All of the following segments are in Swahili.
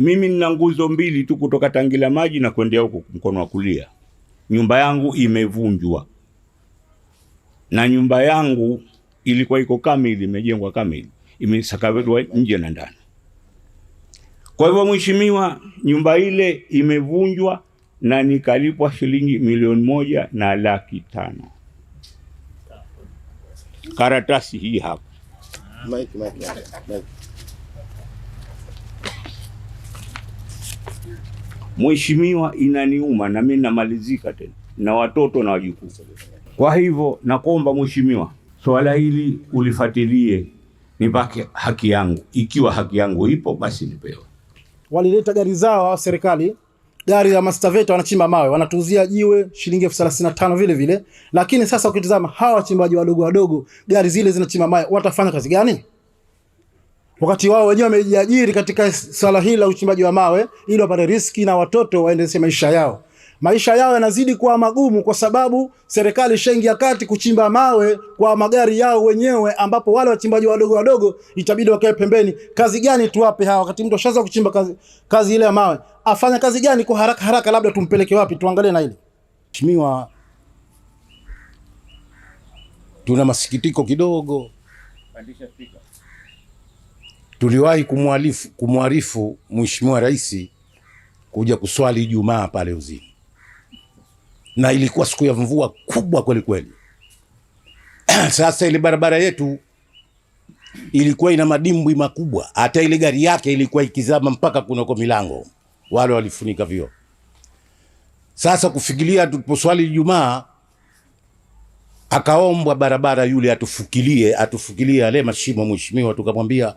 Mimi nina nguzo mbili tu kutoka Tangila maji na kwendea huko mkono wa kulia. Nyumba yangu imevunjwa, na nyumba yangu ilikuwa iko kamili, imejengwa kamili, imesakaverwa nje na ndani. Kwa hivyo, mheshimiwa, nyumba ile imevunjwa na nikalipwa shilingi milioni moja na laki tano. Karatasi hii hapa. Mike, Mike, Mike. Mheshimiwa, inaniuma na mimi namalizika tena na watoto na wajukuu. Kwa hivyo nakuomba Mheshimiwa, swala hili ulifatilie, nipake haki yangu. Ikiwa haki yangu ipo, basi nipewe. Walileta gari zao serikali, gari ya Master Veta, wanachimba mawe, wanatuuzia jiwe shilingi elfu thelathini na tano vile vile. Lakini sasa ukitizama hawa wachimbaji wadogo wadogo, gari zile zinachimba mawe, watafanya kazi gani? wakati wao wenyewe wamejiajiri katika swala hili la uchimbaji wa mawe ili wapate riski na watoto waendeleze maisha yao. Maisha yao yanazidi kuwa magumu kwa sababu serikali ishaingia kati kuchimba mawe kwa magari yao wenyewe, ambapo wale wachimbaji wadogo wadogo itabidi wakae pembeni. Kazi gani tuwape hawa? Wakati mtu ashaanza kuchimba kazi, kazi ile ya mawe afanya kazi gani kwa haraka haraka? Labda tumpeleke wapi? Tuangalie na ile mheshimiwa. Tuna masikitiko kidogo, pandisha Tuliwahi kumwarifu Mheshimiwa Rais kuja kuswali Ijumaa pale Uzini, na ilikuwa siku ya mvua kubwa kweli kweli. Sasa ile barabara yetu ilikuwa ina madimbwi makubwa, hata ile gari yake ilikuwa ikizama mpaka kunako milango, wale walifunika vio. Sasa kufikilia tuliposwali Ijumaa, akaombwa barabara yule atufukilie, atufukilie ale mashimo mheshimiwa, tukamwambia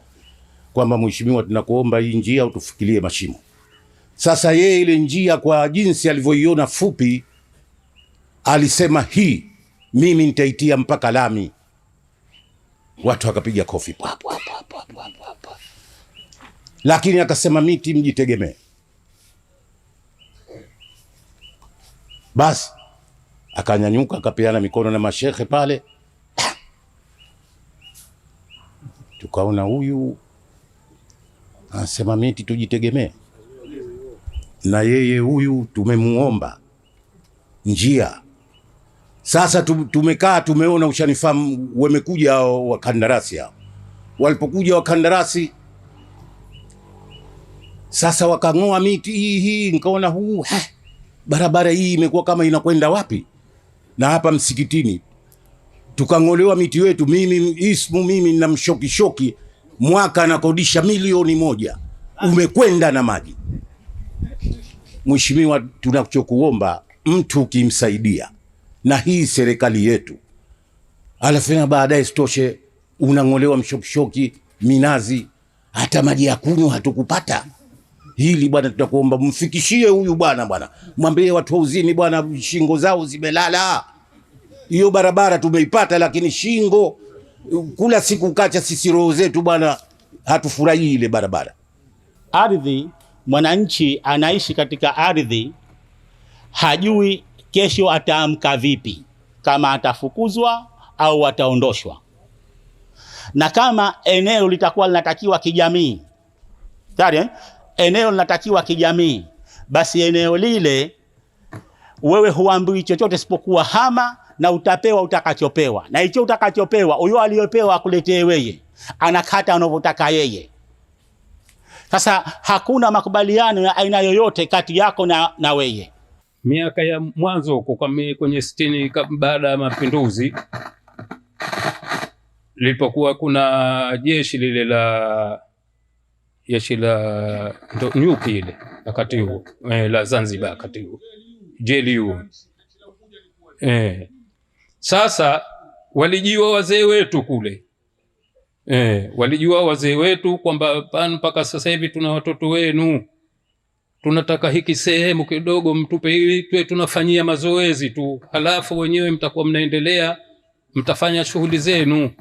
kwamba mheshimiwa, tunakuomba hii njia utufikilie mashimo. Sasa yeye ile njia kwa jinsi alivyoiona fupi, alisema hii mimi nitaitia mpaka lami. Watu wakapiga kofi pa, pa, pa, pa, pa, pa, pa. Lakini akasema miti mjitegemee. Basi akanyanyuka akapeana mikono na mashehe pale, tukaona huyu anasema miti tujitegemee, na yeye huyu tumemuomba njia sasa. Tumekaa tumeona, ushanifahamu, wamekuja wakandarasi hao. Walipokuja wakandarasi sasa, wakang'oa miti hii hii, nikaona huu ha, barabara hii imekuwa kama inakwenda wapi? Na hapa msikitini tukang'olewa miti wetu, mimi ismu mimi na shoki mwaka anakodisha milioni moja, umekwenda na maji. Mheshimiwa, tunachokuomba mtu ukimsaidia na hii serikali yetu, alafu baadaye sitoshe unang'olewa mshokishoki, minazi, hata maji ya kunywa hatukupata. Hili bwana, tutakuomba mfikishie huyu bwana, bwana mwambie watu wa Uzini bwana, shingo zao zimelala. Hiyo barabara tumeipata, lakini shingo kula siku kacha sisi roho zetu bwana, hatufurahii ile barabara. Ardhi, mwananchi anaishi katika ardhi, hajui kesho ataamka vipi, kama atafukuzwa au ataondoshwa, na kama eneo litakuwa linatakiwa kijamii tari, eh? eneo linatakiwa kijamii, basi eneo lile wewe huambiwi chochote isipokuwa hama na utapewa utakachopewa, na hicho utakachopewa huyo aliyopewa akuletee weye, anakata anavyotaka yeye. Sasa hakuna makubaliano ya aina yoyote kati yako na, na weye. Miaka ya mwanzo huko kwenye sitini baada ya mapinduzi lilipokuwa kuna jeshi lile la jeshi la nyuki ile wakati huo eh, la Zanzibar wakati huo JLU eh. Sasa walijua wazee wetu kule eh, walijua wazee wetu kwamba pana mpaka sasa hivi tuna watoto wenu, tunataka hiki sehemu kidogo mtupe ili tuwe tunafanyia mazoezi tu, halafu wenyewe mtakuwa mnaendelea mtafanya shughuli zenu.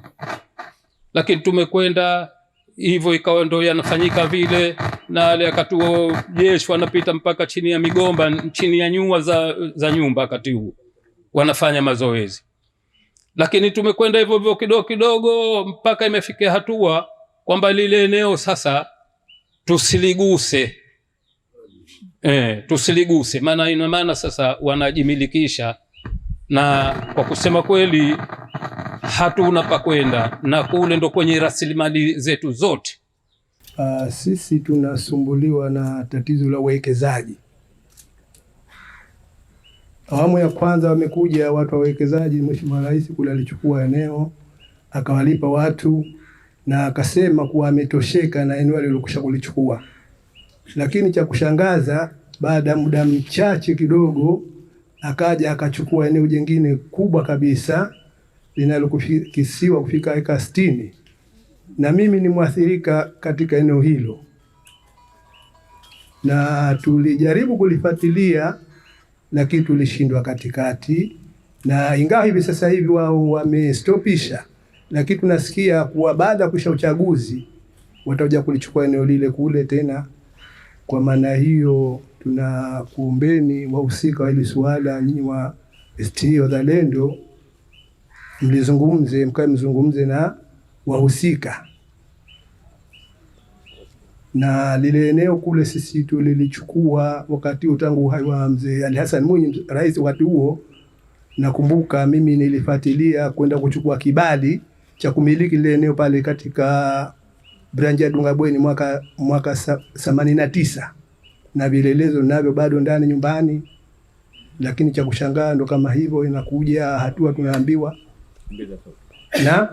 Lakini tumekwenda hivyo, ikawa ndo yanafanyika vile, na ale akatuo jeshi wanapita mpaka chini ya migomba, chini ya nyua za, za nyumba, wakati huo wanafanya mazoezi lakini tumekwenda hivyo hivyo kidogo kidogo mpaka imefikia hatua kwamba lile eneo sasa tusiliguse, eh, tusiliguse. Maana ina maana sasa wanajimilikisha, na kwa kusema kweli hatuna pa kwenda, na kule ndo kwenye rasilimali zetu zote. Uh, sisi tunasumbuliwa na tatizo la uwekezaji Awamu ya kwanza wamekuja watu wawekezaji, Mheshimiwa Rais kule alichukua eneo akawalipa watu na akasema kuwa ametosheka na eneo alilokwisha kulichukua. Lakini cha kushangaza, baada ya muda mchache kidogo akaja akachukua eneo jingine kubwa kabisa linalokisiwa kufika eka sitini na mimi ni mwathirika katika eneo hilo, na tulijaribu kulifuatilia lakini tulishindwa katikati, na ingawa hivi sasa hivi wao wamestopisha, lakini tunasikia kuwa baada ya kuisha uchaguzi watakuja kulichukua eneo lile kule tena. Kwa maana hiyo, tunakuombeni wahusika wa hili suala, nyinyi wa ACT Wazalendo, mlizungumze mkae mzungumze na wahusika na lile eneo kule sisi tulilichukua wakati utangu tangu uhai wa mzee Ali Hassan Mwinyi, rais wakati huo. Nakumbuka mimi nilifuatilia kwenda kuchukua kibali cha kumiliki lile eneo pale katika branja ya Dungabweni mwaka mwaka themanini na tisa, na vielelezo navyo bado ndani nyumbani, lakini cha kushangaa ndo kama hivyo inakuja hatua tunaambiwa na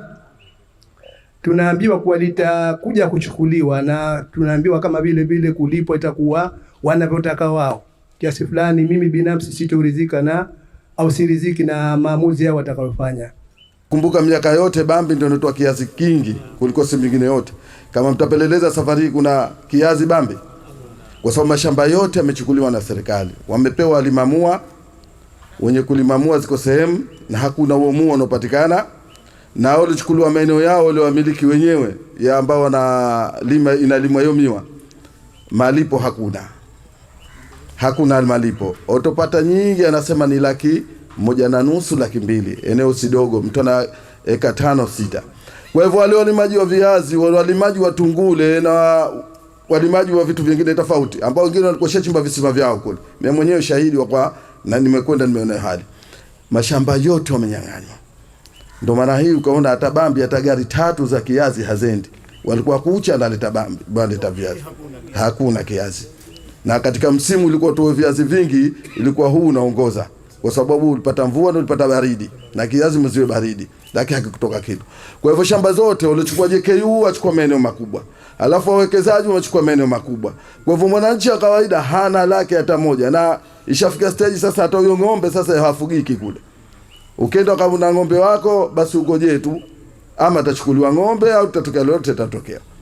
tunaambiwa kuwa litakuja kuchukuliwa na tunaambiwa kama vile vile kulipwa itakuwa wanavyotaka wao kiasi fulani. Mimi binafsi sitoridhika na au siridhiki na maamuzi yao watakayofanya. Kumbuka miaka yote Bambi ndio inatoa kiazi kingi kuliko si mingine yote. Kama mtapeleleza safari hii, kuna kiazi Bambi kwa sababu mashamba yote yamechukuliwa na serikali, wamepewa walimamua, wenye kulimamua ziko sehemu na hakuna uamua unaopatikana na walichukuliwa maeneo yao wale wamiliki wenyewe ya ambao wana lima inalimwa hiyo miwa, malipo hakuna, hakuna malipo. Otopata nyingi anasema ni laki moja na nusu, laki mbili. Eneo sidogo, mtu ana eka tano sita. Kwa hivyo wale walimaji wa viazi, wale walimaji wa tungule na walimaji wa vitu vingine tofauti, ambao wengine walikuwa shachimba visima vyao kule. Mimi mwenyewe shahidi wa kwa na nimekwenda nimeona hali mashamba yote wamenyang'anywa ndio maana hii ukaona hata Bambi hata gari tatu za kiazi hazendi, walikuwa kucha analeta Bambi analeta viazi, hakuna kiazi. Na katika msimu ulikuwa tu viazi vingi, ilikuwa huu unaongoza kwa sababu ulipata mvua na ulipata baridi, na kiazi mziwe baridi, lakini hakikutoka kitu. Kwa hivyo shamba zote walichukua, JKU achukua maeneo makubwa, alafu wawekezaji wamechukua maeneo makubwa. Kwa hivyo mwananchi wa kawaida hana lake hata moja, na ishafika stage sasa, hata huyo ng'ombe sasa hawafugiki kule ukenda kavuna ng'ombe wako basi ugojee tu ama atachukuliwa ng'ombe au tatokea lolote tatokea